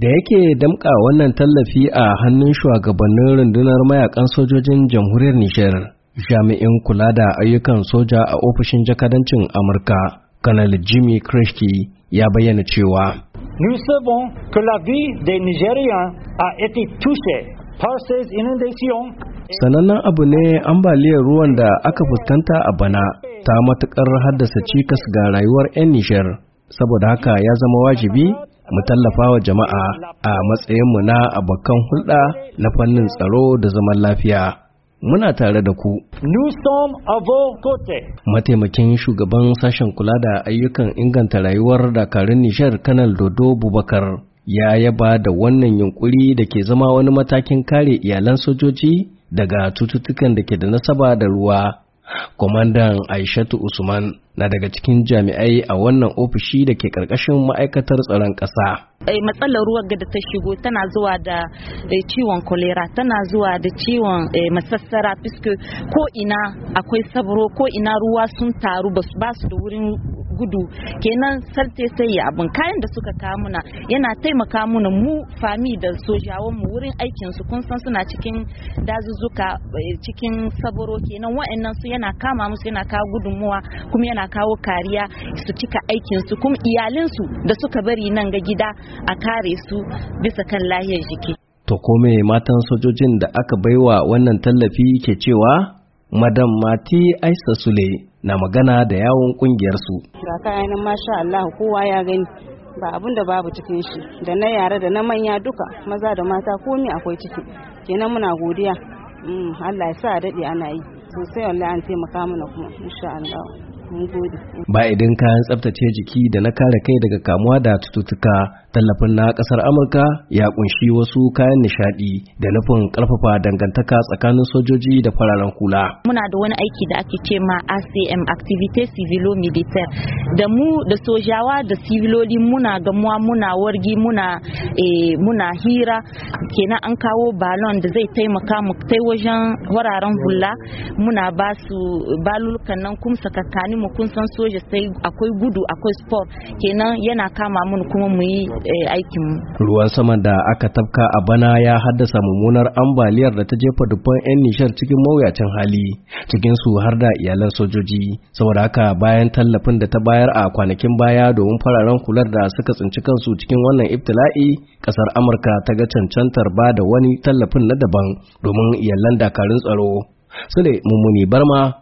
da yake damƙa wannan tallafi a hannun shugabannin rundunar mayakan sojojin jamhuriyar Nijar, jami'in kula da ayyukan soja a ofishin jakadancin Amurka, Kanal Jimmy Kreshki ya bayyana cewa. Nous savons que la vie des Nigériens a été touchée par ces inondations. Sanannen abu ne ambaliyar ruwan da aka fuskanta a bana ta matuƙar haddasa cikas ga rayuwar 'yan Nijar, saboda haka ya zama wajibi mu tallafa wa jama'a a matsayinmu na abokan hulɗa na fannin tsaro da zaman lafiya. Muna tare da ku. Mataimakin shugaban sashen kula da ayyukan inganta rayuwar dakarun Nishar Kanal Dodo Bubakar ya yaba da wannan yunkuri da ke zama wani matakin kare iyalan sojoji daga cututtukan da ke da nasaba da ruwa Kwamandan Aishatu Usman na daga cikin jami'ai a wannan ofishi da ke karkashin ma'aikatar tsaron ƙasa. Eh, matsalar ruwan da ta shigo tana zuwa da eh, ciwon kolera tana zuwa da ciwon eh, masassara fiske ko ina akwai sabro ko ina ruwa sun taru ba su da wurin gudu kenan sarte sai ya abin kayan da suka kawo muna yana taimaka muna mu fami da sojawan mu wurin aikin su kun san suna cikin dazuzzuka eh, cikin saboro kenan wa'annan su yana kama musu yana kawo gudunmuwa kuma yana kawo kariya su cika aikin su kuma iyalin su da suka bari nan ga gida a kare su bisa kan lahiyar jiki to kome matan sojojin da aka baiwa wannan tallafi ke cewa madam mati aisa sule na magana da yawon kungiyar su ga kayan masha Allah kowa ya gani ba abun da babu cikin shi da na yara da na manya duka maza da mata komi akwai ciki kenan muna godiya mm, Allah ya sa daɗe ana yi sosai wallahi an taimaka mana kuma insha Allah ba idan kayan tsabtace jiki da na kare kai daga kamuwa da tututtuka tallafin na kasar amurka ya kunshi wasu kayan nishadi da nufin karfafa dangantaka tsakanin sojoji da fararen kula muna da wani aiki da ake ce ma acm activité civilo militaire da mu da sojawa da civiloli muna gamuwa muna wargi muna e, muna hira kenan an kawo balon da zai taimaka mu kai wajen wararen hula muna ba su balulukan nan kuma mu kun san soja sai akwai gudu akwai sport kenan yana kama mun kuma eh, mu yi aikin ruwan sama da aka tafka a bana ya haddasa mummunar ambaliyar da ta jefa dubban yan nishar cikin mawuyacin hali cikin su har da iyalan sojoji saboda haka bayan tallafin da ta bayar a kwanakin baya domin fararen kular da suka tsinci kansu cikin wannan ibtila'i kasar amurka ta ga cancantar ba da wani tallafin na daban domin iyalan dakarun tsaro sule mummuni barma